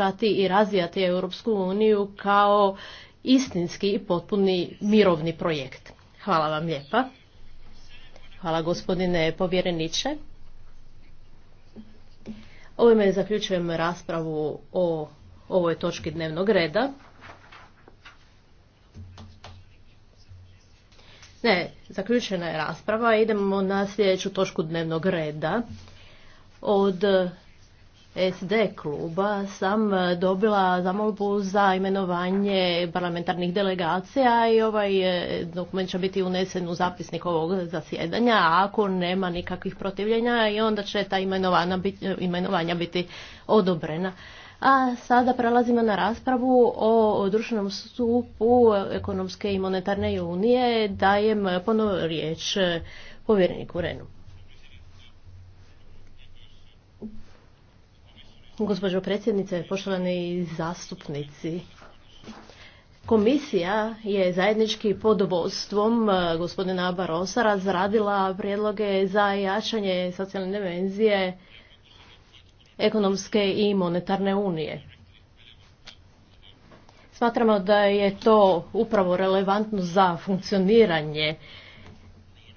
prati i razvijati Europsku uniju kao istinski i potpuni mirovni projekt. Hvala vam lijepa. Hvala gospodine povjereniče. Ovime zaključujem raspravu o ovoj točki dnevnog reda. Ne, zaključena je rasprava. Idemo na sljedeću točku dnevnog reda. Od SD kluba sam e, dobila zamolbu za imenovanje parlamentarnih delegacija i ovaj e, dokument će biti unesen u zapisnik ovog zasjedanja, a ako nema nikakvih protivljenja i onda će ta e, imenovanja biti odobrena. A sada prelazimo na raspravu o društvenom stupu ekonomske i monetarne unije. Dajem ponovno riječ povjereniku Renu. Gospođo predsjednice, poštovani zastupnici, Komisija je zajednički pod vodstvom e, gospodina Barosa razradila prijedloge za jačanje socijalne dimenzije ekonomske i monetarne unije. Smatramo da je to upravo relevantno za funkcioniranje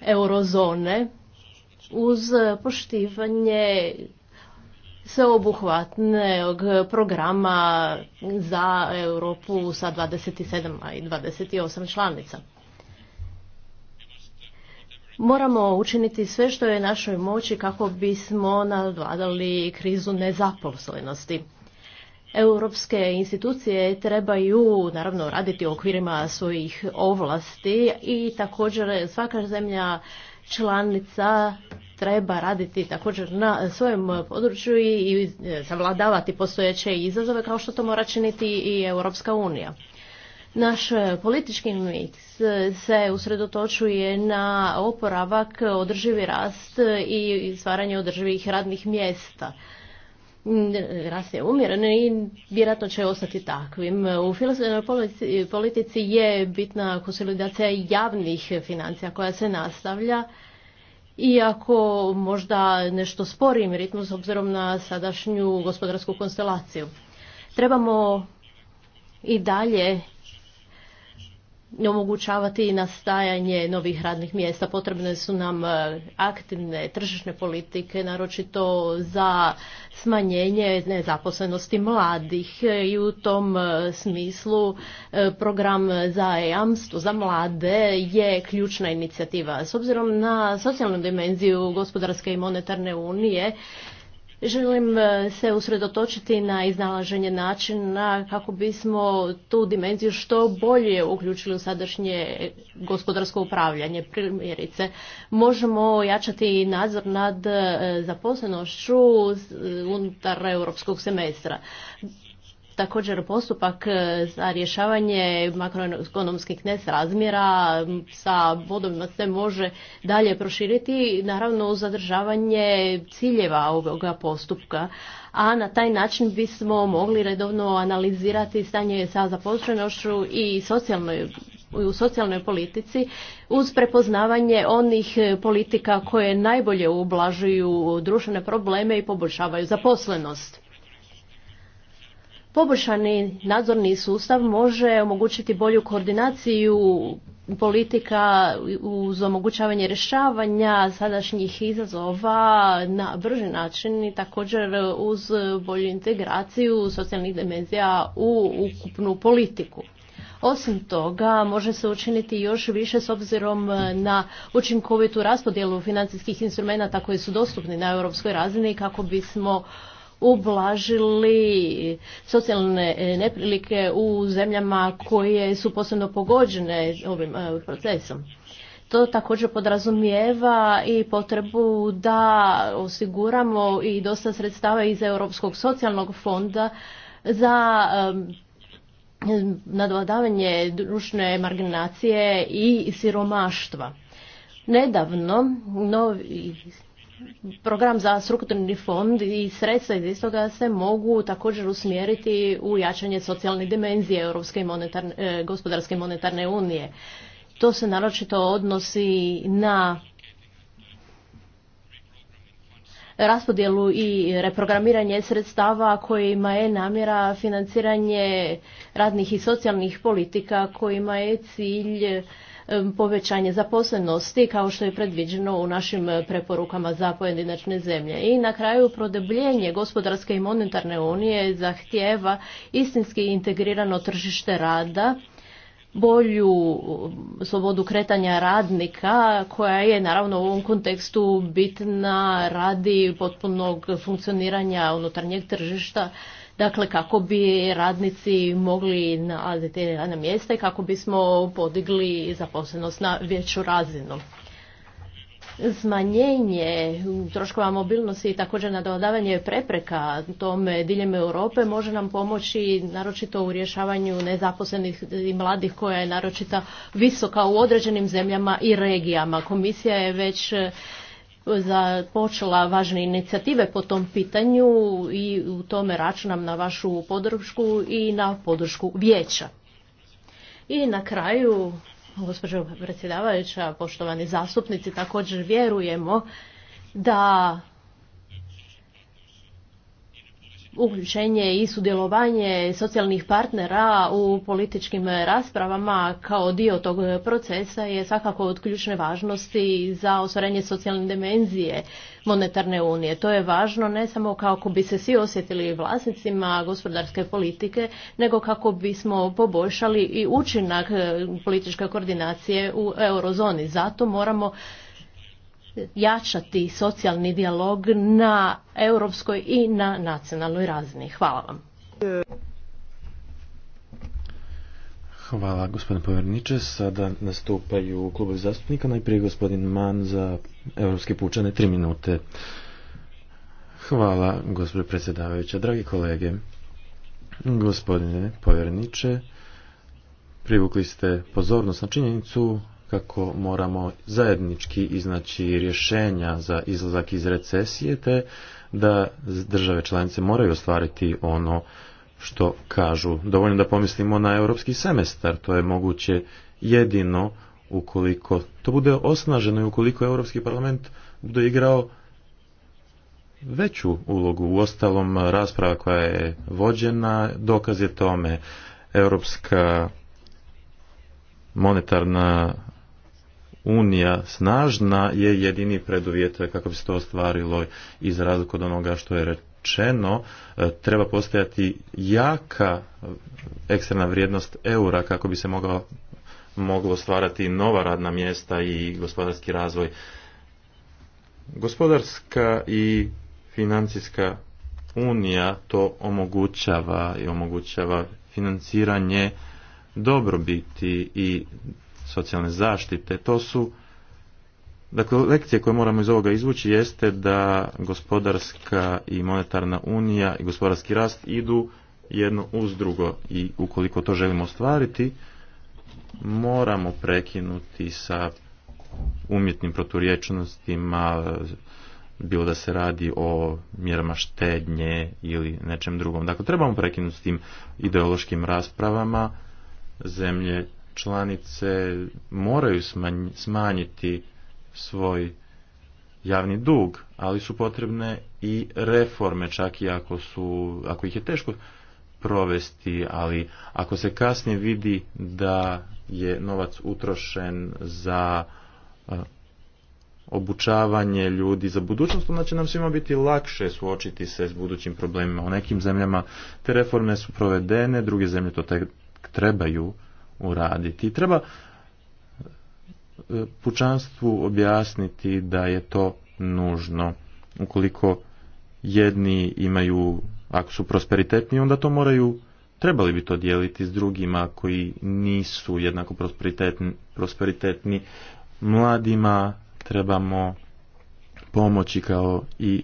eurozone uz poštivanje sveobuhvatnog programa za Europu sa 27 i 28 članica. Moramo učiniti sve što je našoj moći kako bismo nadvladali krizu nezaposlenosti. Europske institucije trebaju naravno raditi u okvirima svojih ovlasti i također svaka zemlja članica treba raditi također na svojem području i savladavati postojeće izazove kao što to mora činiti i Europska unija. Naš politički mix se usredotočuje na oporavak, održivi rast i stvaranje održivih radnih mjesta. Rast je umjeren i vjerojatno će ostati takvim. U politici je bitna konsolidacija javnih financija koja se nastavlja iako možda nešto sporim ritmu s obzirom na sadašnju gospodarsku konstelaciju. Trebamo i dalje omogućavati nastajanje novih radnih mjesta. Potrebne su nam e, aktivne tržišne politike, naročito za smanjenje nezaposlenosti mladih i u tom e, smislu e, program za jamstvo za mlade je ključna inicijativa. S obzirom na socijalnu dimenziju gospodarske i monetarne unije, Želim e, se usredotočiti na iznalaženje načina kako bismo tu dimenziju što bolje uključili u sadašnje gospodarsko upravljanje. Primjerice, možemo jačati nadzor nad e, zaposlenošću e, unutar europskog semestra također postupak e, za rješavanje makroekonomskih nesrazmjera sa bodovima se može dalje proširiti, naravno uz zadržavanje ciljeva ovoga postupka. A na taj način bismo mogli redovno analizirati stanje sa zaposlenošću i socijalnoj u socijalnoj politici uz prepoznavanje onih politika koje najbolje ublažuju društvene probleme i poboljšavaju zaposlenost. Poboljšani nadzorni sustav može omogućiti bolju koordinaciju politika uz omogućavanje rješavanja sadašnjih izazova na brži način i također uz bolju integraciju socijalnih dimenzija u ukupnu politiku. Osim toga, može se učiniti još više s obzirom na učinkovitu raspodjelu financijskih instrumenata koji su dostupni na europskoj razini kako bismo ublažili socijalne e, neprilike u zemljama koje su posebno pogođene ovim e, procesom. To također podrazumijeva i potrebu da osiguramo i dosta sredstava iz Europskog socijalnog fonda za e, nadvladavanje društvene marginacije i siromaštva. Nedavno novi program za strukturni fond i sredstva iz istoga se mogu također usmjeriti u jačanje socijalne dimenzije Europske monetarne, e, gospodarske monetarne unije. To se naročito odnosi na raspodjelu i reprogramiranje sredstava kojima je namjera financiranje radnih i socijalnih politika kojima je cilj povećanje zaposlenosti kao što je predviđeno u našim e, preporukama za pojedinačne zemlje. I na kraju prodebljenje gospodarske i monetarne unije zahtjeva istinski integrirano tržište rada bolju e, slobodu kretanja radnika koja je naravno u ovom kontekstu bitna radi potpunog funkcioniranja unutarnjeg tržišta dakle kako bi radnici mogli nalaziti radna mjesta i kako bismo podigli zaposlenost na veću razinu. Smanjenje troškova mobilnosti i također nadodavanje prepreka tome diljem Europe može nam pomoći naročito u rješavanju nezaposlenih i mladih koja je naročito visoka u određenim zemljama i regijama. Komisija je već počela važne inicijative po tom pitanju i u tome računam na vašu podršku i na podršku vijeća. I na kraju, gospođo predsjedavajuća, poštovani zastupnici, također vjerujemo da uključenje i sudjelovanje socijalnih partnera u političkim raspravama kao dio tog procesa je svakako od ključne važnosti za ostvarenje socijalne dimenzije monetarne unije. To je važno ne samo kako bi se svi osjetili vlasnicima gospodarske politike, nego kako bismo poboljšali i učinak političke koordinacije u eurozoni. Zato moramo jačati socijalni dijalog na europskoj i na nacionalnoj razini. Hvala vam. Hvala gospodine povjerniče. Sada nastupaju klubovi zastupnika. Najprije gospodin Man za Europske pučane tri minute. Hvala gospodine predsjedavajuća. Dragi kolege, gospodine povjerniče, privukli ste pozornost na činjenicu kako moramo zajednički iznaći rješenja za izlazak iz recesije te da države članice moraju ostvariti ono što kažu. Dovoljno da pomislimo na europski semestar, to je moguće jedino ukoliko to bude osnaženo i ukoliko Europski parlament bude igrao veću ulogu. U ostalom rasprava koja je vođena, dokaz je tome Europska monetarna unija snažna je jedini preduvjet kako bi se to ostvarilo iz razliku od onoga što je rečeno e, treba postojati jaka ekstremna vrijednost eura kako bi se moglo stvarati nova radna mjesta i gospodarski razvoj gospodarska i financijska unija to omogućava i omogućava financiranje dobrobiti i socijalne zaštite. To su Dakle, lekcije koje moramo iz ovoga izvući jeste da gospodarska i monetarna unija i gospodarski rast idu jedno uz drugo i ukoliko to želimo ostvariti, moramo prekinuti sa umjetnim proturječnostima, bilo da se radi o mjerama štednje ili nečem drugom. Dakle, trebamo prekinuti s tim ideološkim raspravama zemlje članice moraju smanjiti svoj javni dug, ali su potrebne i reforme, čak i ako, su, ako ih je teško provesti, ali ako se kasnije vidi da je novac utrošen za obučavanje ljudi za budućnost, onda će nam svima biti lakše suočiti se s budućim problemima. U nekim zemljama te reforme su provedene, druge zemlje to tek trebaju uraditi. treba e, pučanstvu objasniti da je to nužno. Ukoliko jedni imaju, ako su prosperitetni, onda to moraju, trebali bi to dijeliti s drugima koji nisu jednako prosperitetni. prosperitetni. Mladima trebamo pomoći kao i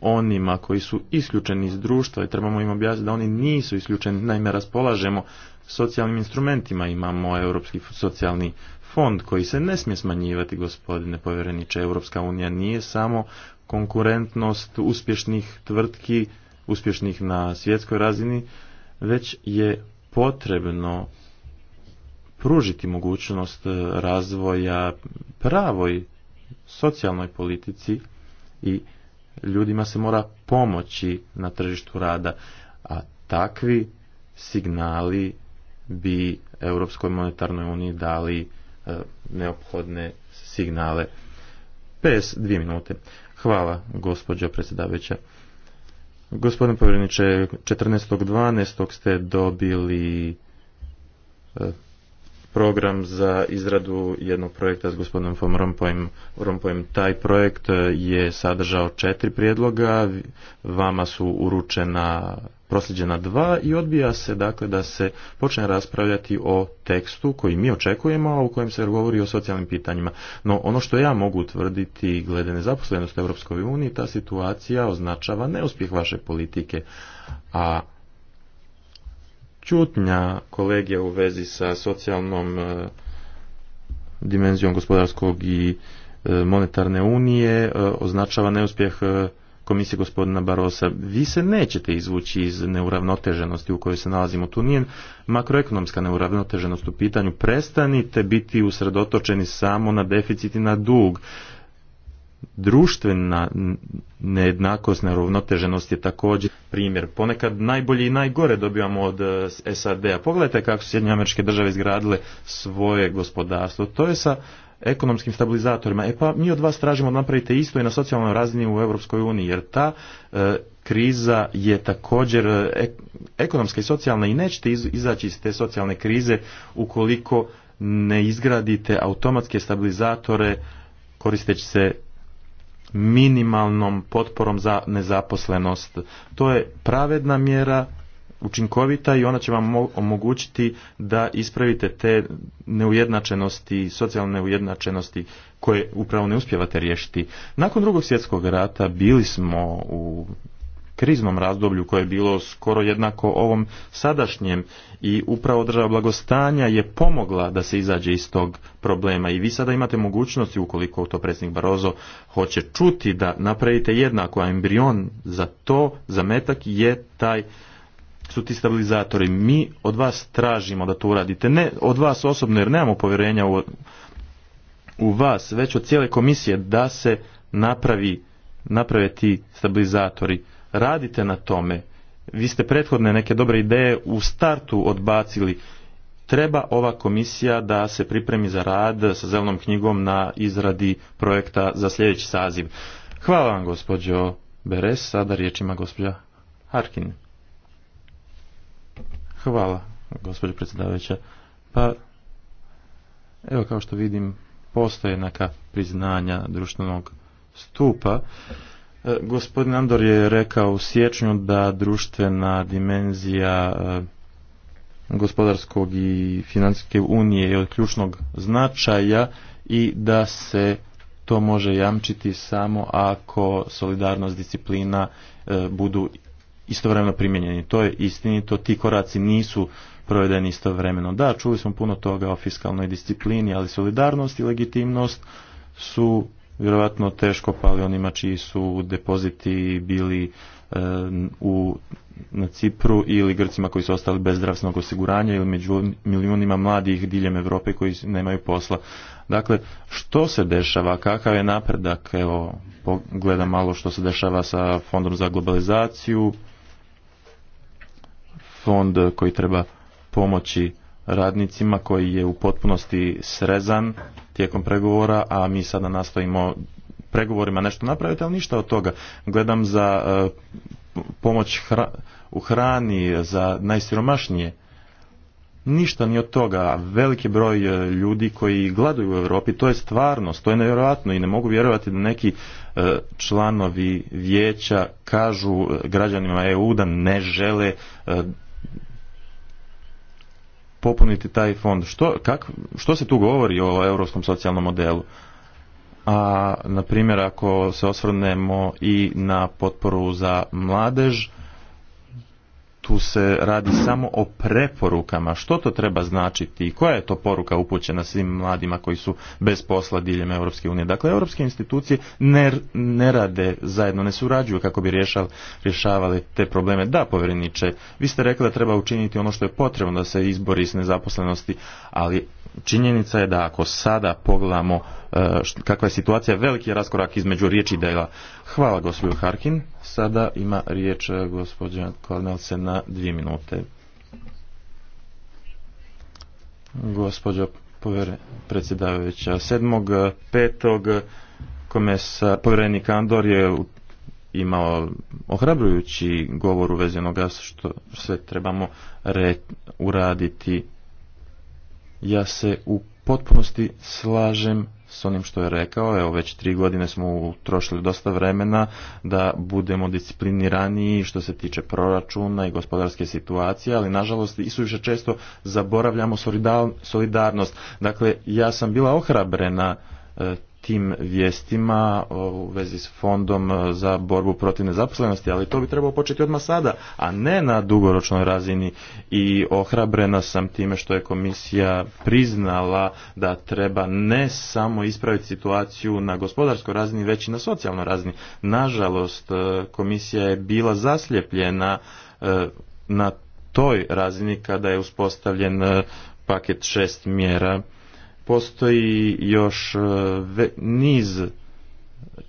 onima koji su isključeni iz društva i trebamo im objasniti da oni nisu isključeni. Naime, raspolažemo socijalnim instrumentima, imamo Europski socijalni fond koji se ne smije smanjivati, gospodine povjereniče. Europska unija nije samo konkurentnost uspješnih tvrtki, uspješnih na svjetskoj razini, već je potrebno pružiti mogućnost razvoja pravoj socijalnoj politici i ljudima se mora pomoći na tržištu rada, a takvi signali bi Europskoj monetarnoj uniji dali e, neophodne signale. PS, dvije minute. Hvala, gospođo predsjedavajuća. Gospodine povjereniče, 14.12. ste dobili e, program za izradu jednog projekta s gospodinom von Rompojem. Taj projekt e, je sadržao četiri prijedloga, vama su uručena prosljeđena dva i odbija se dakle da se počne raspravljati o tekstu koji mi očekujemo, a u kojem se govori o socijalnim pitanjima. No ono što ja mogu utvrditi glede nezaposlenosti u Europskoj uniji, ta situacija označava neuspjeh vaše politike, a čutnja kolege u vezi sa socijalnom e, dimenzijom gospodarskog i e, monetarne unije e, označava neuspjeh komisije gospodina Barosa. Vi se nećete izvući iz neuravnoteženosti u kojoj se nalazimo. Tu nije makroekonomska neuravnoteženost u pitanju. Prestanite biti usredotočeni samo na deficit i na dug društvena nejednakost, neravnoteženost je također primjer. Ponekad najbolji i najgore dobivamo od eh, SAD-a. Pogledajte kako su Sjedinje američke države izgradile svoje gospodarstvo. To je sa ekonomskim stabilizatorima. E pa mi od vas tražimo da napravite isto i na socijalnoj razini u Europskoj uniji, jer ta eh, kriza je također eh, ekonomska i socijalna i nećete izaći iz te socijalne krize ukoliko ne izgradite automatske stabilizatore koristeći se minimalnom potporom za nezaposlenost. To je pravedna mjera, učinkovita i ona će vam omogućiti da ispravite te neujednačenosti, socijalne neujednačenosti koje upravo ne uspijevate riješiti. Nakon drugog svjetskog rata bili smo u kriznom razdoblju koje je bilo skoro jednako ovom sadašnjem i upravo država blagostanja je pomogla da se izađe iz tog problema i vi sada imate mogućnosti ukoliko to predsjednik Barozo hoće čuti da napravite jednako, a embrion za to metak je taj su ti stabilizatori. Mi od vas tražimo da to uradite. Ne od vas osobno jer nemamo povjerenja u, u vas, već od cijele komisije da se napravi naprave ti stabilizatori radite na tome. Vi ste prethodne neke dobre ideje u startu odbacili. Treba ova komisija da se pripremi za rad sa zelenom knjigom na izradi projekta za sljedeći saziv. Hvala vam gospođo Beres, sada riječ ima gospođa Harkin. Hvala gospođo predsjedavajuća. Pa, evo kao što vidim, postoje neka priznanja društvenog stupa. E, gospodin Andor je rekao u siječnju da društvena dimenzija e, gospodarskog i financijske unije je od ključnog značaja i da se to može jamčiti samo ako solidarnost, disciplina e, budu istovremeno primijenjeni. To je istinito, ti koraci nisu provedeni istovremeno. Da, čuli smo puno toga o fiskalnoj disciplini, ali solidarnost i legitimnost su vjerojatno teško pali onima čiji su depoziti bili e, u na Cipru ili Grcima koji su ostali bez zdravstvenog osiguranja ili među milijunima mladih diljem Europe koji nemaju posla. Dakle, što se dešava, kakav je napredak, evo, pogledam malo što se dešava sa fondom za globalizaciju, fond koji treba pomoći radnicima koji je u potpunosti srezan, tijekom pregovora, a mi sada nastavimo pregovorima nešto napraviti, ali ništa od toga. Gledam za e, pomoć u hrani za najsiromašnije. Ništa ni od toga. Veliki broj e, ljudi koji gladuju u Europi, to je stvarnost, to je nevjerojatno i ne mogu vjerovati da neki e, članovi vijeća kažu građanima EU da ne žele popuniti taj fond. Što, kak, što se tu govori o europskom socijalnom modelu? A, na primjer, ako se osvrnemo i na potporu za mladež, tu se radi samo o preporukama. Što to treba značiti i koja je to poruka upućena svim mladima koji su bez posla diljem Europske unije? Dakle, europske institucije ne, ne rade zajedno, ne surađuju kako bi rješav, rješavali te probleme. Da, povjereniče, vi ste rekli da treba učiniti ono što je potrebno da se izbori s nezaposlenosti, ali činjenica je da ako sada pogledamo e, kakva je situacija, veliki raskorak između riječi i dela. Hvala gospođu Harkin. Sada ima riječ e, gospođa se na dvije minute. Gospođo predsjedavajuća, e, petog komesar povjerenik Andor je imao ohrabrujući govor uvezenoga što sve trebamo uraditi ja se u potpunosti slažem s onim što je rekao. Evo, već tri godine smo utrošili dosta vremena da budemo discipliniraniji što se tiče proračuna i gospodarske situacije, ali nažalost i suviše često zaboravljamo solidarnost. Dakle, ja sam bila ohrabrena e, tim vijestima u vezi s fondom e, za borbu protiv nezaposlenosti, ali to bi trebalo početi odmah sada, a ne na dugoročnoj razini i ohrabrena sam time što je komisija priznala da treba ne samo ispraviti situaciju na gospodarskoj razini, već i na socijalnoj razini. Nažalost, e, komisija je bila zasljepljena e, na toj razini kada je uspostavljen paket šest mjera postoji još e, niz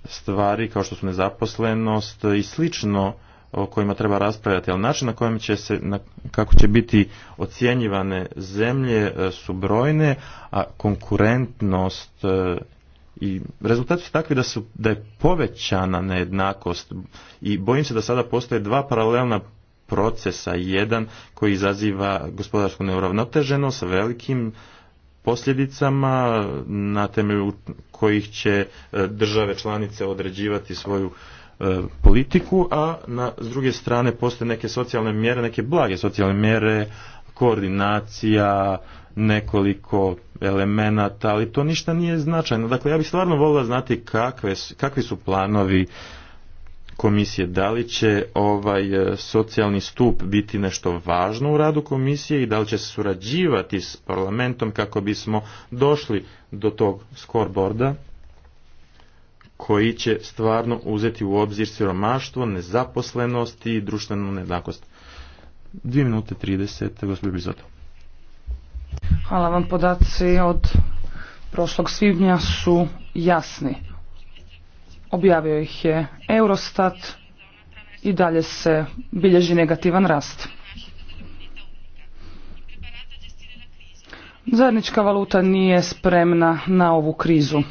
stvari kao što su nezaposlenost i slično o kojima treba raspravljati, ali način na kojem će se, na, kako će biti ocjenjivane zemlje e, su brojne, a konkurentnost e, i rezultati su takvi da, su, da je povećana nejednakost i bojim se da sada postoje dva paralelna procesa, jedan koji izaziva gospodarsku neuravnoteženost sa velikim posljedicama na temelju kojih će e, države članice određivati svoju e, politiku, a na, s druge strane postoje neke socijalne mjere, neke blage socijalne mjere, koordinacija, nekoliko elemenata, ali to ništa nije značajno. Dakle, ja bih stvarno volila znati kakve, kakvi su planovi komisije. Da li će ovaj e, socijalni stup biti nešto važno u radu komisije i da li će se surađivati s parlamentom kako bismo došli do tog scoreboarda koji će stvarno uzeti u obzir siromaštvo, nezaposlenost i društvenu nejednakost. 2 minute 30, gospodin Bizoto. Hvala vam, podaci od prošlog svibnja su jasni. Objavio ih je Eurostat i dalje se bilježi negativan rast. Zajednička valuta nije spremna na ovu krizu.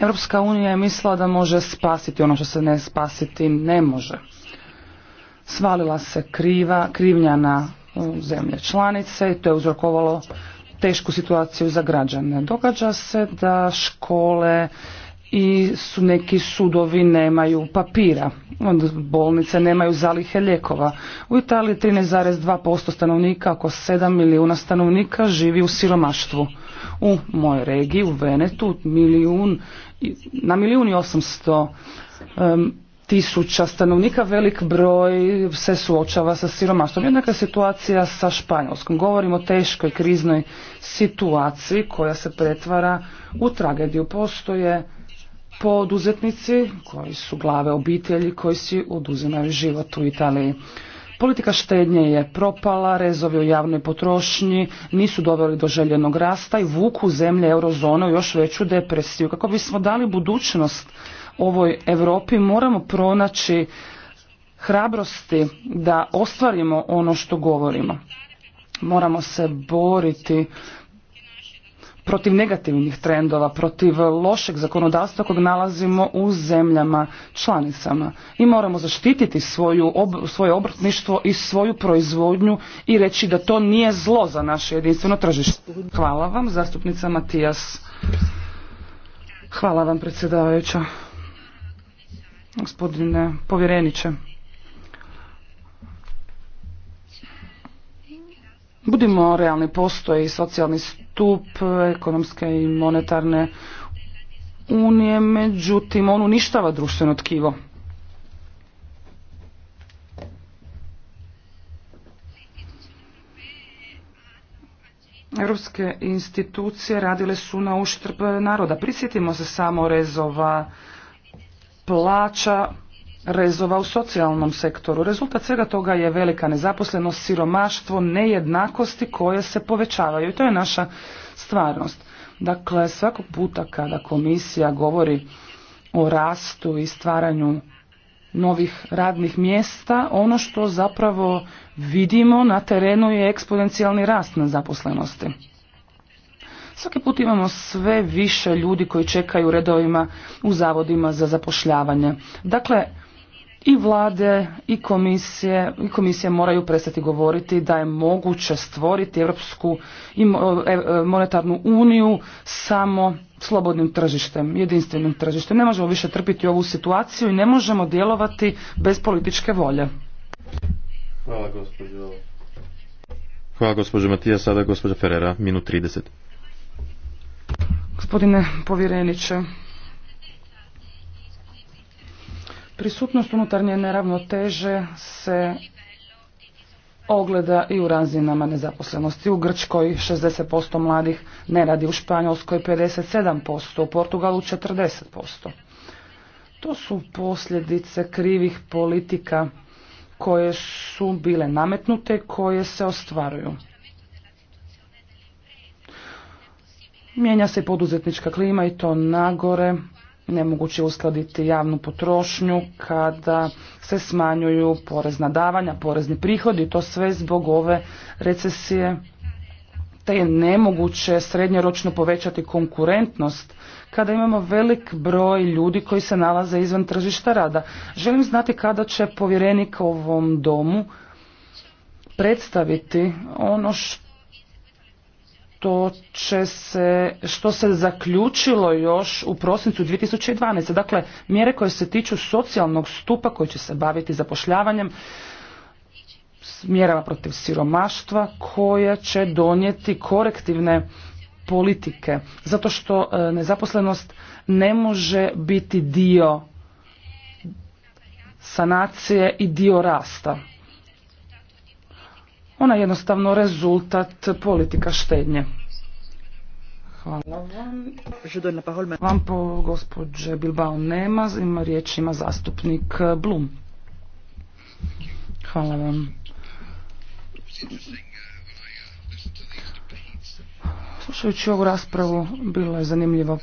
Europska unija je mislila da može spasiti ono što se ne spasiti ne može. Svalila se kriva, krivnja na zemlje članice i to je uzrokovalo tešku situaciju za građane. Događa se da škole i su neki sudovi nemaju papira, onda bolnice nemaju zalihe lijekova. U Italiji 13,2% stanovnika, oko 7 milijuna stanovnika živi u siromaštvu. U mojoj regiji, u Venetu, milijun, na milijun i 800 tisuća stanovnika, velik broj se suočava sa siromaštvom. Jednaka situacija sa Španjolskom. Govorimo o teškoj kriznoj situaciji koja se pretvara u tragediju. Postoje poduzetnici koji su glave obitelji koji si oduzimaju život u Italiji. Politika štednje je propala, rezovi u javnoj potrošnji nisu doveli do željenog rasta i vuku zemlje eurozone u još veću depresiju. Kako bismo dali budućnost ovoj Europi moramo pronaći hrabrosti da ostvarimo ono što govorimo. Moramo se boriti protiv negativnih trendova, protiv lošeg zakonodavstva kog nalazimo u zemljama članicama. I moramo zaštititi svoju, svoje obrtništvo i svoju proizvodnju i reći da to nije zlo za naše jedinstveno tržište. Hvala vam, zastupnica Matijas. Hvala vam, predsjedavajuća. Gospodine povjereniče. Budimo realni, postoji socijalni stup, ekonomske i monetarne unije, međutim on uništava društveno tkivo. Europske institucije radile su na uštrb naroda. Prisjetimo se samo rezova plaća, rezova u socijalnom sektoru. Rezultat svega toga je velika nezaposlenost, siromaštvo, nejednakosti koje se povećavaju i to je naša stvarnost. Dakle, svakog puta kada komisija govori o rastu i stvaranju novih radnih mjesta, ono što zapravo vidimo na terenu je eksponencijalni rast nezaposlenosti. Svaki put imamo sve više ljudi koji čekaju redovima u zavodima za zapošljavanje. Dakle, i vlade i komisije, i komisije moraju prestati govoriti da je moguće stvoriti Europsku e, e, monetarnu uniju samo slobodnim tržištem, jedinstvenim tržištem. Ne možemo više trpiti ovu situaciju i ne možemo djelovati bez političke volje. Hvala gospođo. Hvala gospođo Matija, sada gospođa Ferrera, minut 30. Gospodine povjereniče, Prisutnost unutarnje neravnoteže se ogleda i u razinama nezaposlenosti. U Grčkoj 60% mladih ne radi, u Španjolskoj 57%, u Portugalu 40%. To su posljedice krivih politika koje su bile nametnute, koje se ostvaruju. Mijenja se poduzetnička klima i to nagore, nemoguće uskladiti javnu potrošnju kada se smanjuju porezna davanja, porezni prihodi, to sve zbog ove recesije te je nemoguće srednjoročno povećati konkurentnost kada imamo velik broj ljudi koji se nalaze izvan tržišta rada. Želim znati kada će povjerenik ovom domu predstaviti ono što što će se, što se zaključilo još u prosincu 2012. Dakle, mjere koje se tiču socijalnog stupa koji će se baviti zapošljavanjem, mjerama protiv siromaštva koja će donijeti korektivne politike, zato što e, nezaposlenost ne može biti dio sanacije i dio rasta. Ona je jednostavno rezultat politika štednje. Hvala vam. Vam po gospođe Bilbao nema, ima riječ ima zastupnik Blum. Hvala vam. Slušajući ovu raspravu, bilo je zanimljivo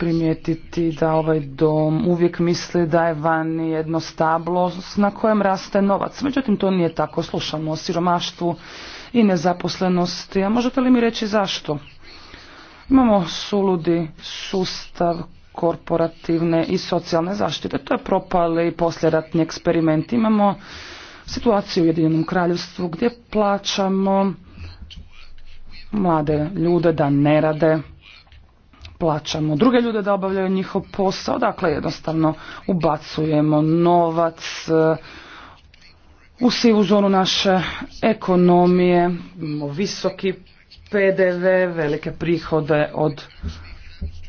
primijetiti da ovaj dom uvijek misli da je vani jedno stablo na kojem raste novac. Međutim, to nije tako. Slušamo o siromaštvu i nezaposlenosti. A možete li mi reći zašto? Imamo suludi sustav korporativne i socijalne zaštite. To je propali posljedatni eksperiment. Imamo situaciju u Jedinom kraljevstvu gdje plaćamo mlade ljude da ne rade, plaćamo druge ljude da obavljaju njihov posao, dakle jednostavno ubacujemo novac eh, u sivu zonu naše ekonomije, imamo visoki PDV, velike prihode od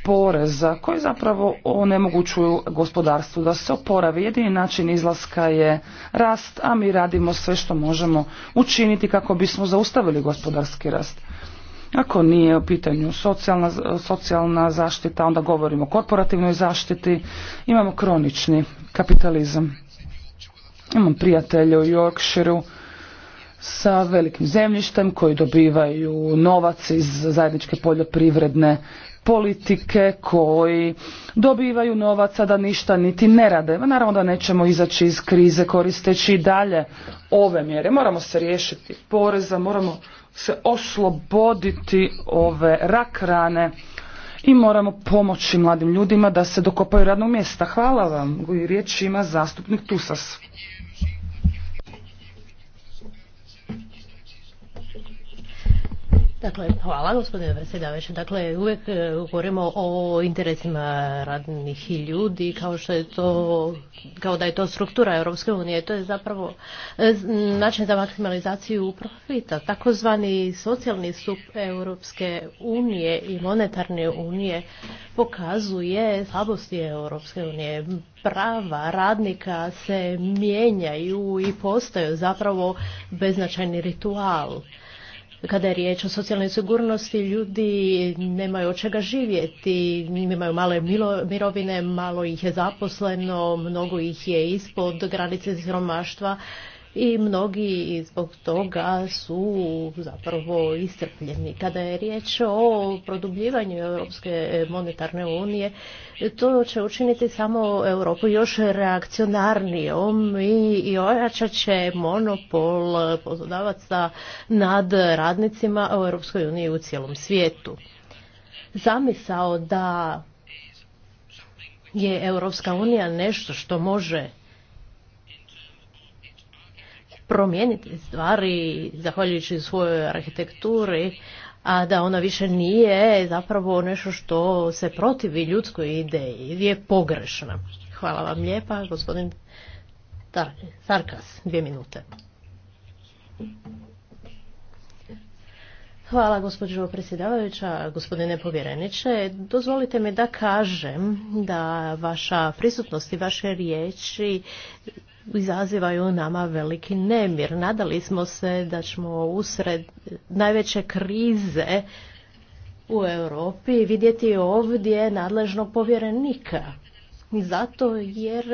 poreza koji zapravo onemogućuju gospodarstvu da se oporavi. Jedini način izlaska je rast, a mi radimo sve što možemo učiniti kako bismo zaustavili gospodarski rast. Ako nije u pitanju socijalna, socijalna zaštita, onda govorimo o korporativnoj zaštiti, imamo kronični kapitalizam. Imam prijatelje u Yorkshireu sa velikim zemljištem koji dobivaju novac iz zajedničke poljoprivredne politike koji dobivaju novaca da ništa niti ne rade. Naravno da nećemo izaći iz krize koristeći i dalje ove mjere. Moramo se riješiti poreza, moramo se osloboditi ove rak rane i moramo pomoći mladim ljudima da se dokopaju radnog mjesta. Hvala vam. Riječ ima zastupnik Tusas. Dakle, hvala gospodine predsjedavajući. Dakle, uvijek e, govorimo o interesima radnih i ljudi kao što je to, kao da je to struktura Europske unije. To je zapravo e, način za maksimalizaciju profita. Takozvani socijalni stup Europske unije i monetarne unije pokazuje slabosti Europske unije. Prava radnika se mijenjaju i postaju zapravo beznačajni ritual kada je riječ o socijalnoj sigurnosti, ljudi nemaju od čega živjeti, imaju male mirovine, malo ih je zaposleno, mnogo ih je ispod granice siromaštva i mnogi zbog toga su zapravo iscrpljeni. Kada je riječ o produbljivanju Europske monetarne unije, to će učiniti samo Europu još reakcionarnijom i ojačat će monopol poslodavaca nad radnicima u Europskoj uniji u cijelom svijetu. Zamisao da je Europska unija nešto što može promijeniti stvari zahvaljujući svojoj arhitekturi, a da ona više nije zapravo nešto što se protivi ljudskoj ideji, je pogrešna. Hvala vam lijepa, gospodin Sarkas, dvije minute. Hvala gospođo predsjedavajuća, gospodine povjereniče. Dozvolite mi da kažem da vaša prisutnost i vaše riječi izazivaju nama veliki nemir. Nadali smo se da ćemo usred najveće krize u Europi vidjeti ovdje nadležnog povjerenika. Zato jer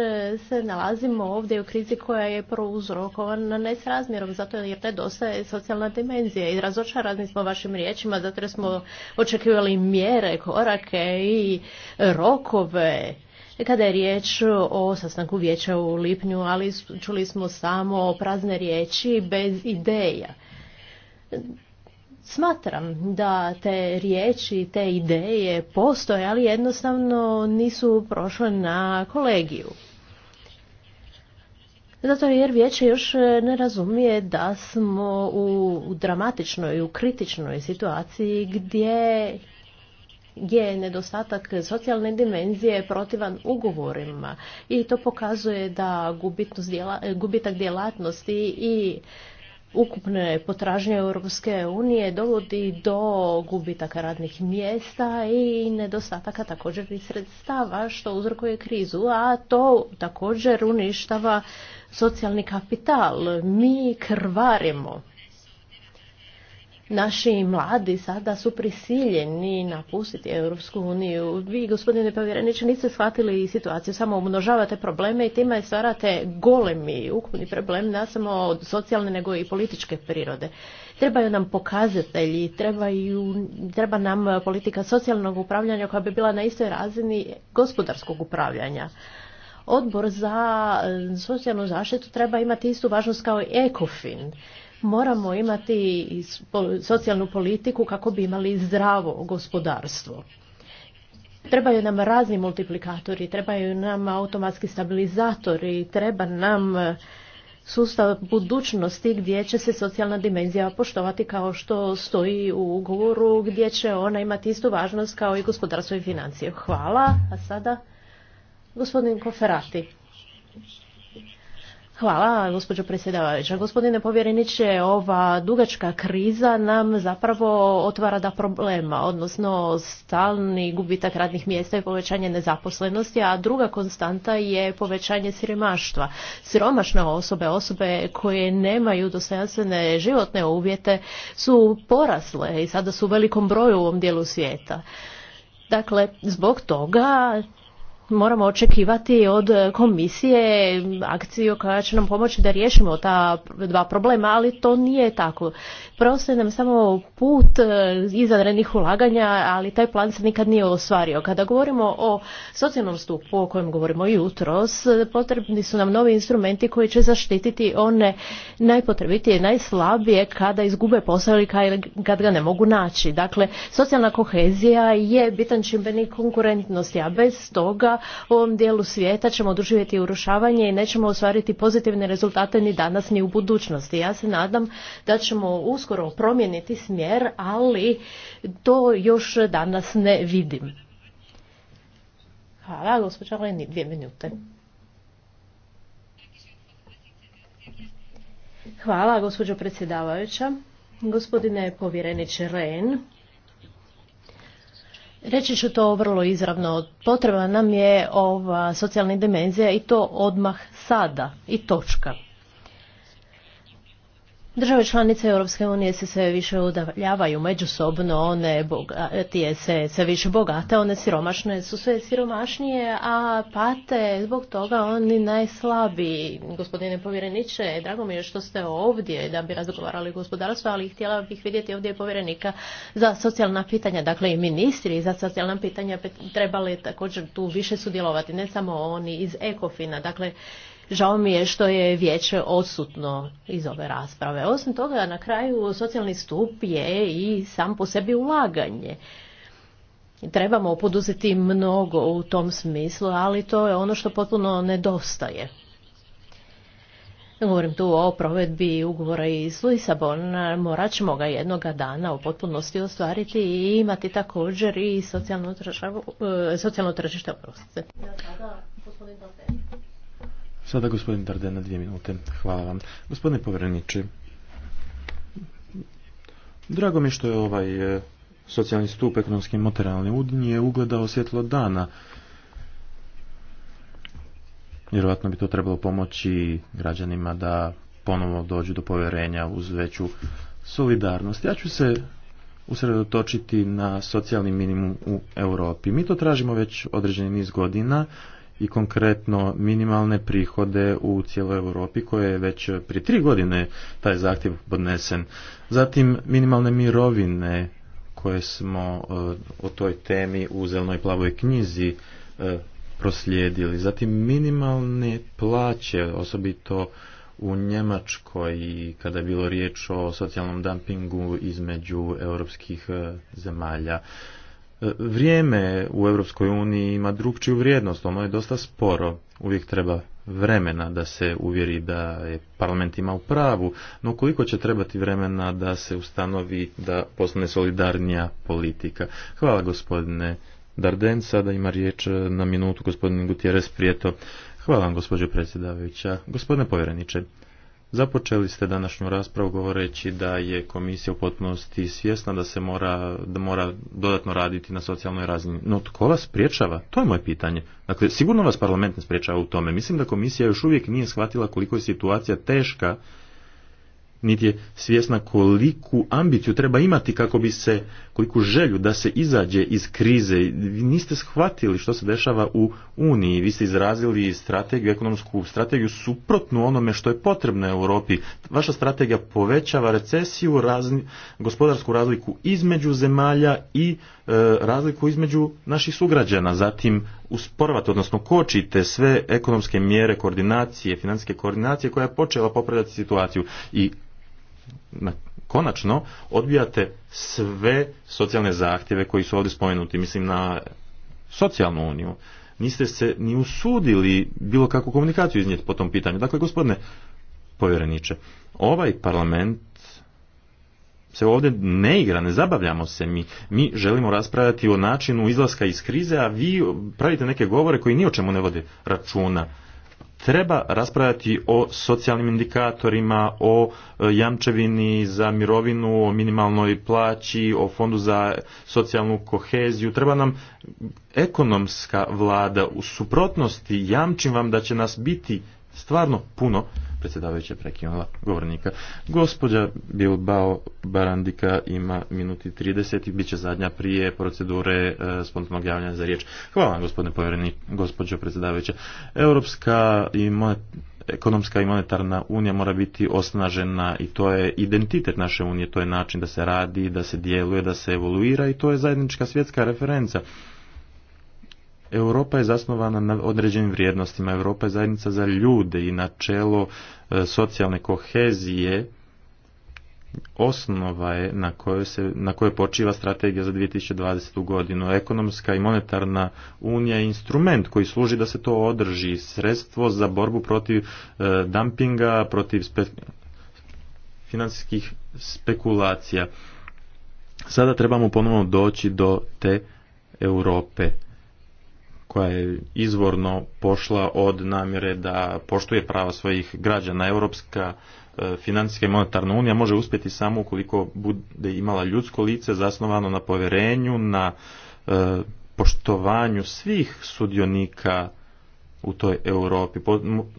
se nalazimo ovdje u krizi koja je prouzrokovana nesrazmjerom, zato jer nedostaje socijalna dimenzija i razočarani smo vašim riječima, zato jer smo očekivali mjere, korake i rokove kada je riječ o sastanku vijeća u lipnju, ali čuli smo samo prazne riječi bez ideja. Smatram da te riječi, te ideje postoje, ali jednostavno nisu prošle na kolegiju. Zato jer vijeće još ne razumije da smo u dramatičnoj, u kritičnoj situaciji gdje gdje je nedostatak socijalne dimenzije protivan ugovorima i to pokazuje da gubitak djelatnosti i ukupne potražnje Europske unije dovodi do gubitaka radnih mjesta i nedostataka također i sredstava što uzrokuje krizu, a to također uništava socijalni kapital. Mi krvarimo naši mladi sada su prisiljeni napustiti Europsku uniju. Vi, gospodine povjereniče, niste shvatili situaciju, samo umnožavate probleme i time stvarate golemi ukupni problem, ne samo od socijalne nego i političke prirode. Trebaju nam pokazatelji, treba nam politika socijalnog upravljanja koja bi bila na istoj razini gospodarskog upravljanja. Odbor za e, socijalnu zaštitu treba imati istu važnost kao i ECOFIN moramo imati socijalnu politiku kako bi imali zdravo gospodarstvo. Trebaju nam razni multiplikatori, trebaju nam automatski stabilizatori, treba nam e, sustav budućnosti gdje će se socijalna dimenzija poštovati kao što stoji u ugovoru, gdje će ona imati istu važnost kao i gospodarstvo i financije. Hvala. A sada gospodin Koferati. Hvala, gospođo predsjedavajuća. Gospodine povjereniče, ova dugačka kriza nam zapravo otvara da problema, odnosno stalni gubitak radnih mjesta i povećanje nezaposlenosti, a druga konstanta je povećanje siromaštva. Siromašne osobe, osobe koje nemaju dostojanstvene životne uvjete su porasle i sada su u velikom broju u ovom dijelu svijeta. Dakle, zbog toga moramo očekivati od komisije akciju koja će nam pomoći da riješimo ta dva problema, ali to nije tako. Prosto nam samo put e, izvanrednih ulaganja, ali taj plan se nikad nije ostvario. Kada govorimo o socijalnom stupu o kojem govorimo jutros, potrebni su nam novi instrumenti koji će zaštititi one najpotrebitije, najslabije kada izgube posao ili kad ga ne mogu naći. Dakle, socijalna kohezija je bitan čimbenik konkurentnosti, a bez toga u ovom dijelu svijeta ćemo doživjeti urušavanje i nećemo ostvariti pozitivne rezultate ni danas ni u budućnosti. Ja se nadam da ćemo uskoro promijeniti smjer, ali to još danas ne vidim. Hvala, gospođa Hvala, gospođo predsjedavajuća. Gospodine povjereniče Ren, Reći ću to vrlo izravno. Potreba nam je ova socijalna dimenzija i to odmah sada i točka. Države članice Europske unije se sve više udavljavaju međusobno, one tije se sve više bogate, one siromašne su sve siromašnije, a pate zbog toga oni najslabiji. Gospodine povjereniče, drago mi je što ste ovdje da bi razgovarali gospodarstvo, ali htjela bih vidjeti ovdje povjerenika za socijalna pitanja, dakle i ministri za socijalna pitanja trebali također tu više sudjelovati, ne samo oni iz Ekofina, dakle Žao mi je što je vijeće odsutno iz ove rasprave. Osim toga, na kraju socijalni stup je i sam po sebi ulaganje. Trebamo poduzeti mnogo u tom smislu, ali to je ono što potpuno nedostaje. Govorim tu o provedbi ugovora iz Lisabona, morat ćemo ga jednoga dana u potpunosti ostvariti i imati također i e, socijalno, tržište. Socijalno tržište Sada gospodin Darden na dvije minute. Hvala vam. Gospodine povjereniče, drago mi što je ovaj e, socijalni stup ekonomski materijalni je ugledao svjetlo dana. Vjerojatno bi to trebalo pomoći građanima da ponovno dođu do povjerenja uz veću solidarnost. Ja ću se usredotočiti na socijalni minimum u Europi. Mi to tražimo već određeni niz godina, i konkretno minimalne prihode u cijeloj Europi koje je već prije tri godine taj zahtjev podnesen. Zatim minimalne mirovine koje smo eh, o toj temi u zelnoj plavoj knjizi eh, proslijedili. Zatim minimalne plaće, osobito u Njemačkoj kada je bilo riječ o socijalnom dumpingu između europskih eh, zemalja. Vrijeme u Europskoj uniji ima drugčiju vrijednost, ono je dosta sporo, uvijek treba vremena da se uvjeri da je parlament ima u pravu, no koliko će trebati vremena da se ustanovi da postane solidarnija politika. Hvala gospodine Darden, sada ima riječ na minutu gospodin Gutierrez Prijeto. Hvala vam gospođo predsjedavajuća. Gospodine povjereniče, Započeli ste današnju raspravu govoreći da je komisija u potpunosti svjesna da se mora, da mora dodatno raditi na socijalnoj razini. No tko vas To je moje pitanje. Dakle, sigurno vas parlament ne spriječava u tome. Mislim da komisija još uvijek nije shvatila koliko je situacija teška niti je svjesna koliku ambiciju treba imati kako bi se, koliku želju da se izađe iz krize. Vi niste shvatili što se dešava u Uniji. Vi ste izrazili strategiju, ekonomsku strategiju suprotnu onome što je potrebno u Europi. Vaša strategija povećava recesiju, gospodarsku razliku između zemalja i e, razliku između naših sugrađana. Zatim usporavate, odnosno kočite sve ekonomske mjere koordinacije, financijske koordinacije koja je počela popravljati situaciju. I na konačno odbijate sve socijalne zahtjeve koji su ovdje spomenuti, mislim na socijalnu uniju. Niste se ni usudili bilo kakvu komunikaciju iznijeti po tom pitanju. Dakle, gospodine povjereniče, ovaj parlament se ovdje ne igra, ne zabavljamo se mi. Mi želimo raspravljati o načinu izlaska iz krize, a vi pravite neke govore koji ni o čemu ne vode računa. Treba raspravljati o socijalnim indikatorima, o e, jamčevini za mirovinu, o minimalnoj plaći, o fondu za socijalnu koheziju. Treba nam ekonomska vlada. U suprotnosti jamčim vam da će nas biti stvarno puno predsjedavajuća prekinula govornika. Gospođa Bilbao Barandika ima minuti 30 i bit će zadnja prije procedure e, spontanog javljanja za riječ. Hvala vam gospodine povjereni, gospođo predsjedavajuća. Europska i ekonomska i monetarna unija mora biti osnažena i to je identitet naše unije, to je način da se radi, da se djeluje, da se evoluira i to je zajednička svjetska referenca. Europa je zasnovana na određenim vrijednostima. Europa je zajednica za ljude i načelo e, socijalne kohezije osnova je na kojoj, se, na kojoj počiva strategija za 2020. godinu. Ekonomska i monetarna unija je instrument koji služi da se to održi. Sredstvo za borbu protiv e, dumpinga, protiv spe, financijskih spekulacija. Sada trebamo ponovno doći do te Europe koja je izvorno pošla od namjere da poštuje prava svojih građana. Europska e, financijska i monetarna unija može uspjeti samo ukoliko bude imala ljudsko lice zasnovano na povjerenju, na e, poštovanju svih sudionika u toj Europi.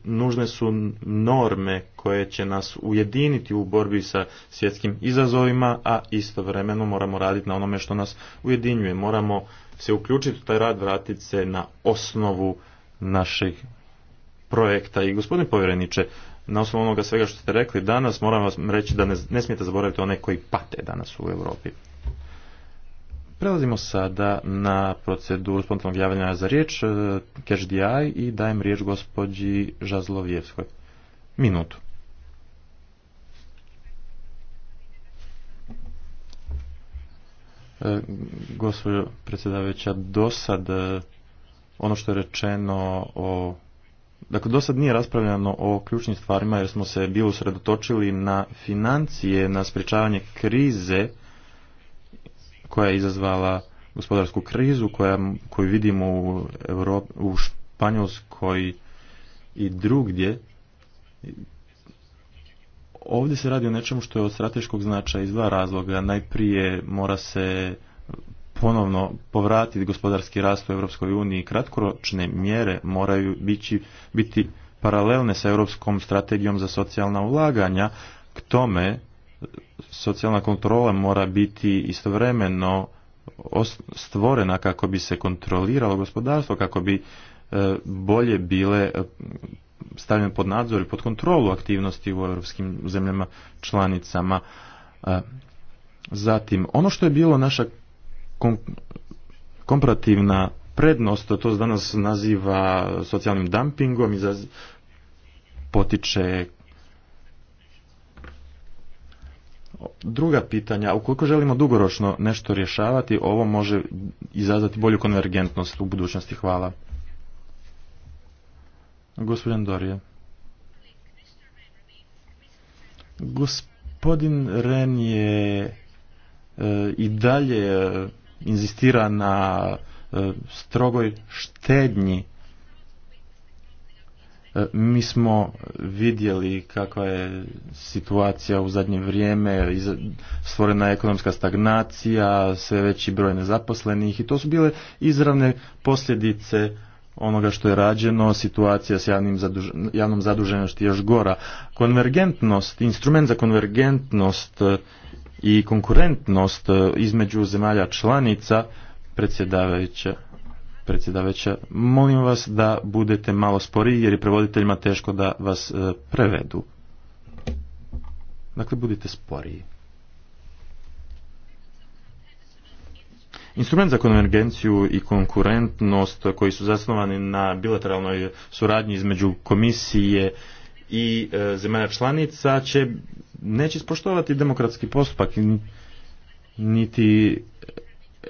Nužne su norme koje će nas ujediniti u borbi sa svjetskim izazovima, a istovremeno moramo raditi na onome što nas ujedinjuje. Moramo se uključiti u taj rad, vratiti se na osnovu naših projekta. I gospodine povjereniče, na osnovu onoga svega što ste rekli danas, moram vam reći da ne, smijete zaboraviti one koji pate danas u Europi. Prelazimo sada na proceduru spontanog javljanja za riječ, eh, cash i dajem riječ gospođi Žazlovijevskoj. Minutu. E, gospođo predsjedavajuća, do sad e, ono što je rečeno o Dakle, do sad nije raspravljano o ključnim stvarima jer smo se bili usredotočili na financije, na sprječavanje krize koja je izazvala gospodarsku krizu koja, koju vidimo u, u Španjolskoj i drugdje. Ovdje se radi o nečemu što je od strateškog značaja iz dva razloga. Najprije mora se ponovno povratiti gospodarski rast u Europskoj uniji. Kratkoročne mjere moraju biti, biti paralelne sa Europskom strategijom za socijalna ulaganja. K tome socijalna kontrola mora biti istovremeno stvorena kako bi se kontroliralo gospodarstvo, kako bi e, bolje bile stavljen pod nadzor i pod kontrolu aktivnosti u europskim zemljama članicama. E, zatim, ono što je bilo naša komparativna prednost, to se danas naziva socijalnim dumpingom i potiče druga pitanja, ukoliko želimo dugoročno nešto rješavati, ovo može izazvati bolju konvergentnost u budućnosti. Hvala. Gospodin Dorije. Gospodin Ren je eh, i dalje eh, inzistira na eh, strogoj štednji. Mi smo vidjeli kakva je situacija u zadnje vrijeme, stvorena je ekonomska stagnacija, sve veći broj nezaposlenih i to su bile izravne posljedice onoga što je rađeno, situacija s javnim zaduž, javnom zaduženosti još gora. Konvergentnost, instrument za konvergentnost e, i konkurentnost e, između zemalja članica predsjedavajuća predsjedavajuća, molim vas da budete malo sporiji jer je prevoditeljima teško da vas e, prevedu. Dakle, budite sporiji. Instrument za konvergenciju i konkurentnost koji su zasnovani na bilateralnoj suradnji između komisije i e, zemalja članica će neće ispoštovati demokratski postupak niti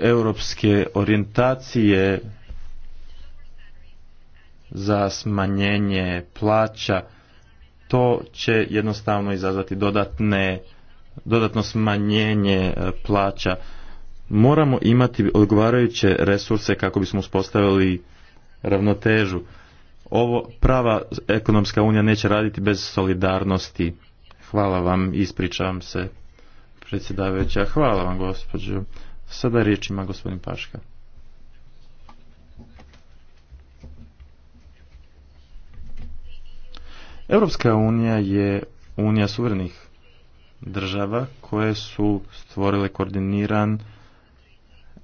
europske orijentacije za smanjenje plaća to će jednostavno izazvati dodatne dodatno smanjenje e, plaća moramo imati odgovarajuće resurse kako bismo uspostavili ravnotežu. Ovo prava ekonomska unija neće raditi bez solidarnosti. Hvala vam, ispričavam se predsjedavajuća. Hvala vam gospođo. Sada riječ ima gospodin Paška. Europska unija je unija suverenih država koje su stvorile koordiniran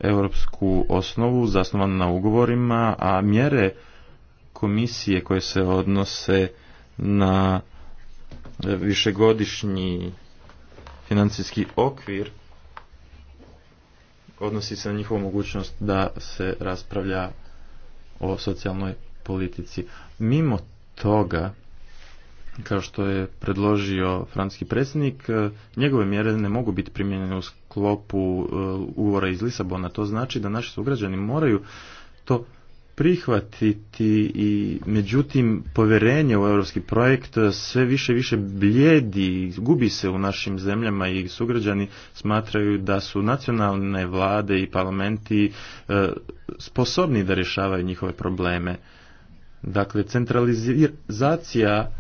europsku osnovu zasnovanu na ugovorima, a mjere komisije koje se odnose na e, višegodišnji financijski okvir odnosi se na njihovu mogućnost da se raspravlja o socijalnoj politici. Mimo toga, kao što je predložio francuski predsjednik, e, njegove mjere ne mogu biti primijenjene u sklopu e, ugovora iz Lisabona. To znači da naši sugrađani moraju to prihvatiti i međutim povjerenje u europski projekt sve više i više blijedi, gubi se u našim zemljama i sugrađani smatraju da su nacionalne vlade i parlamenti e, sposobni da rješavaju njihove probleme. Dakle, centralizacija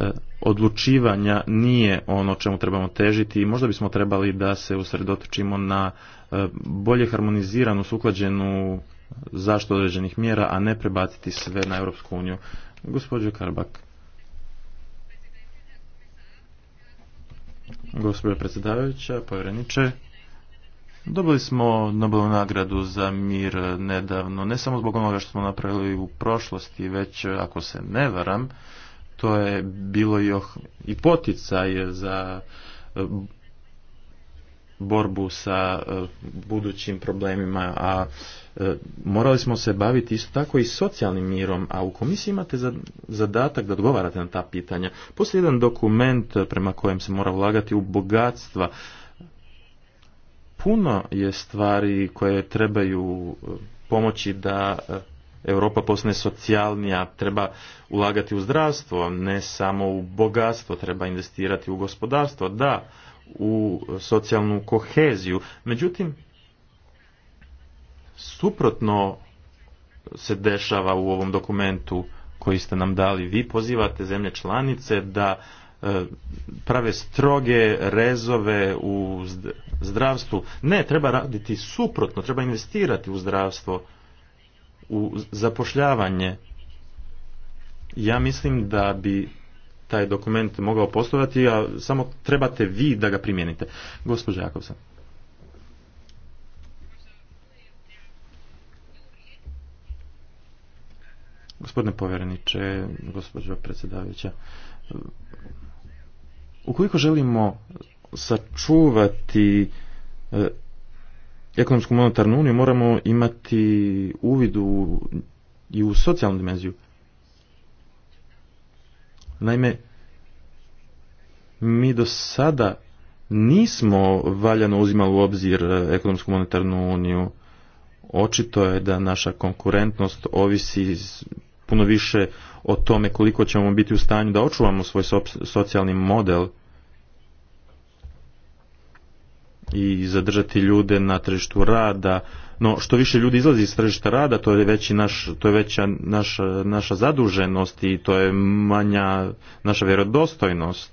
E, odlučivanja nije ono čemu trebamo težiti i možda bismo trebali da se usredotočimo na e, bolje harmoniziranu, suklađenu zaštitu određenih mjera, a ne prebaciti sve na Europsku uniju. Gospođo Karbak. Gospodin predsjedavajuća, povjereniče. Dobili smo Nobelu nagradu za mir nedavno, ne samo zbog onoga što smo napravili u prošlosti, već ako se ne varam, to je bilo i, oh, poticaj za eh, borbu sa eh, budućim problemima, a eh, morali smo se baviti isto tako i socijalnim mirom, a u komisiji imate zadatak da odgovarate na ta pitanja. Poslije jedan dokument prema kojem se mora ulagati u bogatstva, puno je stvari koje trebaju pomoći da Europa postane socijalnija, treba ulagati u zdravstvo, ne samo u bogatstvo, treba investirati u gospodarstvo, da, u socijalnu koheziju. Međutim, suprotno se dešava u ovom dokumentu koji ste nam dali. Vi pozivate zemlje članice da e, prave stroge rezove u zdravstvu. Ne, treba raditi suprotno, treba investirati u zdravstvo u zapošljavanje. Ja mislim da bi taj dokument mogao poslovati, a samo trebate vi da ga primijenite. Gospođa Jakovsa. Gospodine povjereniče, gospođo predsjedavajuća, ukoliko želimo sačuvati e, ekonomsku monetarnu uniju moramo imati uvid i u socijalnu dimenziju. Naime, mi do sada nismo valjano uzimali u obzir e, ekonomsku monetarnu uniju. Očito je da naša konkurentnost ovisi puno više o tome koliko ćemo biti u stanju da očuvamo svoj socijalni model i zadržati ljude na tržištu rada. No, što više ljudi izlazi iz tržišta rada, to je, veći naš, to je veća naša naša zaduženost i to je manja naša vjerodostojnost.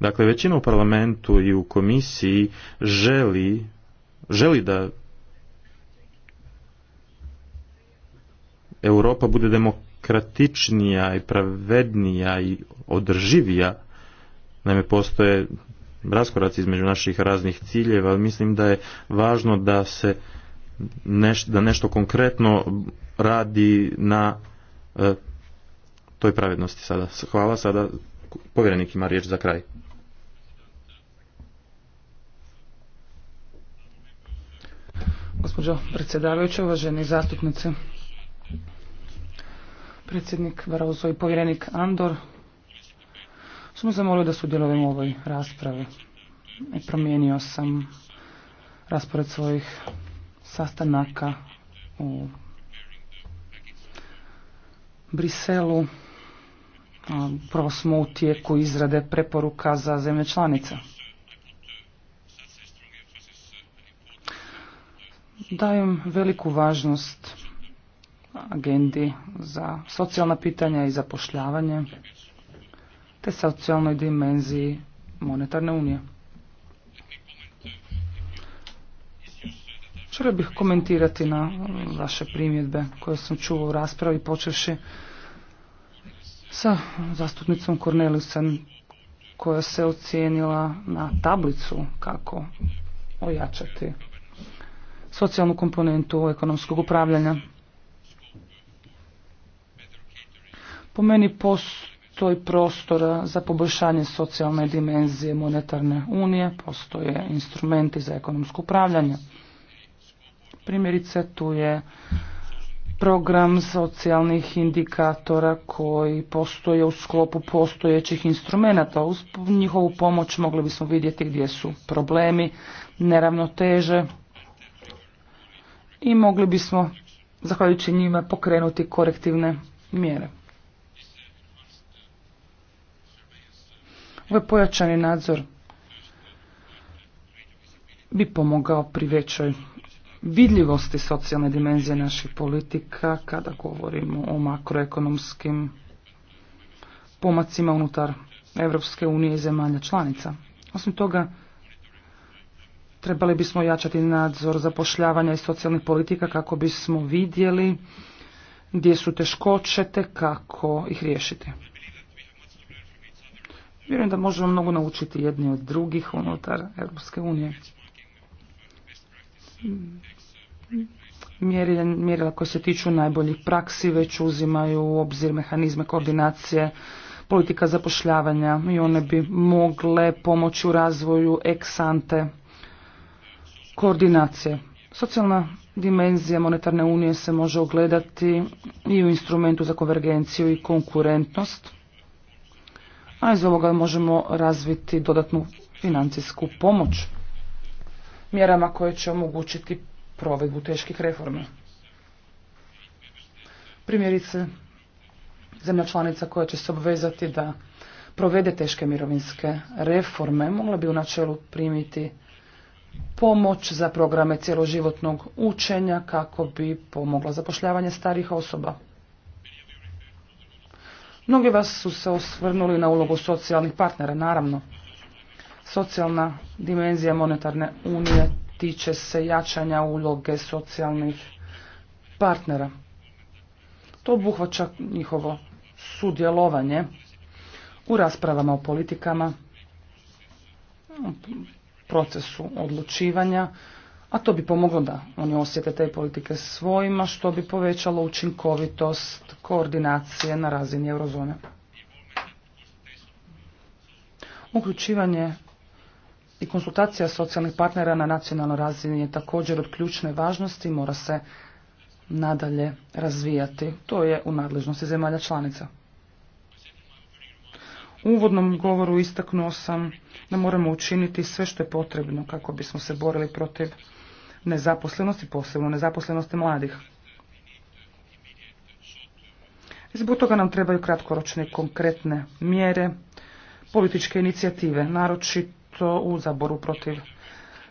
Dakle, većina u parlamentu i u komisiji želi, želi da Europa bude demokratičnija i pravednija i održivija. Naime, postoje raskorac između naših raznih ciljeva, mislim da je važno da se neš, da nešto konkretno radi na e, toj pravednosti sada. Hvala sada povjerenik ima riječ za kraj. Gospođo predsjedavajuća, uvaženi zastupnice, predsjednik Barroso i povjerenik Andor sam zamolio da sudjelujem u ovoj raspravi promijenio sam raspored svojih sastanaka u Briselu. Prvo smo u tijeku izrade preporuka za zemlje članice. Dajem veliku važnost agendi za socijalna pitanja i zapošljavanje te socijalnoj dimenziji monetarne unije. Želio bih komentirati na vaše primjedbe koje sam čuo u raspravi počevši sa zastupnicom Cornelisen koja se ocijenila na tablicu kako ojačati socijalnu komponentu ekonomskog upravljanja. Po meni POS postoji prostora za poboljšanje socijalne dimenzije monetarne unije, postoje instrumenti za ekonomsko upravljanje. Primjerice tu je program socijalnih indikatora koji postoje u sklopu postojećih instrumenata. Uz njihovu pomoć mogli bismo vidjeti gdje su problemi, neravnoteže i mogli bismo, zahvaljujući njima, pokrenuti korektivne mjere. Ovaj pojačani nadzor bi pomogao pri većoj vidljivosti socijalne dimenzije naših politika kada govorimo o makroekonomskim pomacima unutar Europske unije i zemalja članica. Osim toga, trebali bismo jačati nadzor zapošljavanja i socijalnih politika kako bismo vidjeli gdje su teškoće te kako ih riješiti. Vjerujem da možemo mnogo naučiti jedni od drugih unutar Europske unije. Mjerila koje se tiču najboljih praksi već uzimaju u obzir mehanizme koordinacije politika zapošljavanja i one bi mogle pomoći u razvoju eksante koordinacije. Socijalna dimenzija monetarne unije se može ogledati i u instrumentu za konvergenciju i konkurentnost a iz ovoga možemo razviti dodatnu financijsku pomoć mjerama koje će omogućiti provedbu teških reformi. Primjerice, zemlja članica koja će se obvezati da provede teške mirovinske reforme mogla bi u načelu primiti pomoć za programe cjeloživotnog učenja kako bi pomogla zapošljavanje starih osoba. Mnogi vas su se osvrnuli na ulogu socijalnih partnera, naravno. Socijalna dimenzija monetarne unije tiče se jačanja uloge socijalnih partnera. To obuhvaća njihovo sudjelovanje u raspravama o politikama, procesu odlučivanja, a to bi pomoglo da oni osjete te politike svojima, što bi povećalo učinkovitost koordinacije na razini eurozone. Uključivanje i konsultacija socijalnih partnera na nacionalnoj razini je također od ključne važnosti i mora se nadalje razvijati. To je u nadležnosti zemalja članica. U uvodnom govoru istaknuo sam da moramo učiniti sve što je potrebno kako bismo se borili protiv nezaposlenosti, posebno nezaposlenosti mladih. zbog toga nam trebaju kratkoročne konkretne mjere, političke inicijative, naročito u zaboru protiv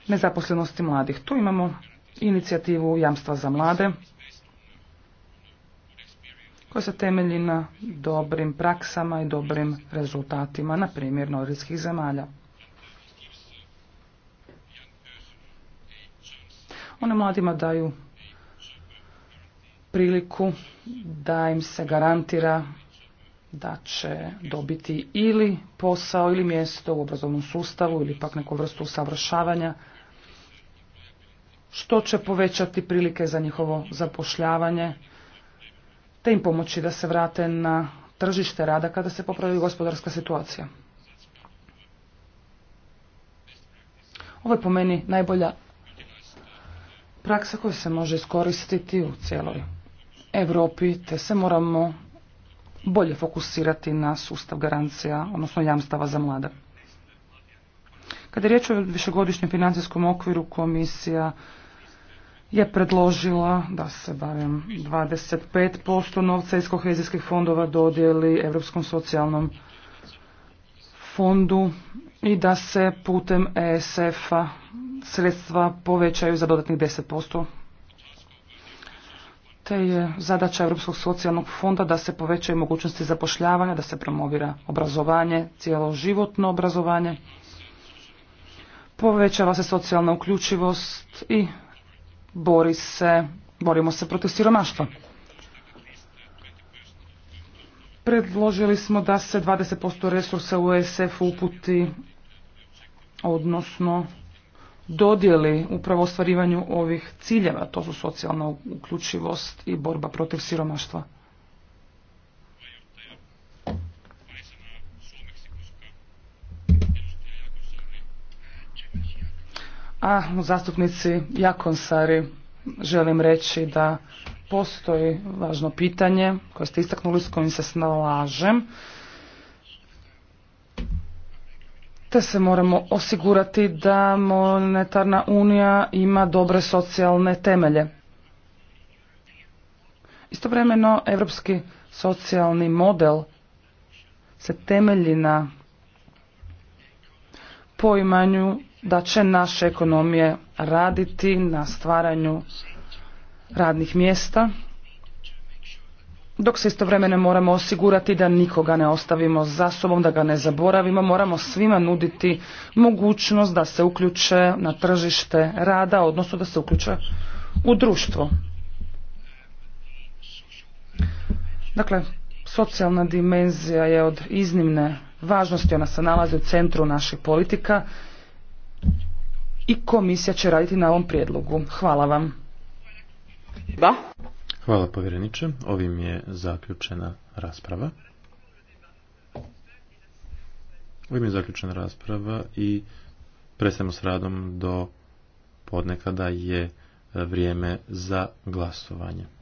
nezaposlenosti mladih. Tu imamo inicijativu Jamstva za mlade, koja se temelji na dobrim praksama i dobrim rezultatima, na primjer nordijskih zemalja. One mladima daju priliku da im se garantira da će dobiti ili posao ili mjesto u obrazovnom sustavu ili pak neku vrstu usavršavanja što će povećati prilike za njihovo zapošljavanje te im pomoći da se vrate na tržište rada kada se popravi gospodarska situacija. Ovo je po meni najbolja praksa koja se može iskoristiti u cijeloj Europi, te se moramo bolje fokusirati na sustav garancija, odnosno jamstava za mlade. Kada je riječ o višegodišnjem financijskom okviru, komisija je predložila da se barem 25% novca iz kohezijskih fondova dodijeli Europskom socijalnom fondu i da se putem ESF-a sredstva povećaju za dodatnih 10%. Te je zadaća Europskog socijalnog fonda da se povećaju mogućnosti zapošljavanja, da se promovira obrazovanje, cijeloživotno obrazovanje. Povećava se socijalna uključivost i bori se, borimo se protiv siromaštva. Predložili smo da se 20% resursa u ESF uputi, odnosno dodjeli upravo ostvarivanju ovih ciljeva, to su socijalna uključivost i borba protiv siromaštva. A zastupnici Jakonsari želim reći da postoji važno pitanje koje ste istaknuli s kojim se snalažem. te se moramo osigurati da monetarna unija ima dobre socijalne temelje. Istovremeno, evropski socijalni model se temelji na poimanju da će naše ekonomije raditi na stvaranju radnih mjesta dok se istovremeno moramo osigurati da nikoga ne ostavimo za sobom, da ga ne zaboravimo, moramo svima nuditi mogućnost da se uključe na tržište rada, odnosno da se uključe u društvo. Dakle, socijalna dimenzija je od iznimne važnosti, ona se nalazi u centru naših politika i komisija će raditi na ovom prijedlogu. Hvala vam. Hvala povjereniče. Ovim je zaključena rasprava. Ovim je zaključena rasprava i prestajemo s radom do podnekada je vrijeme za glasovanje.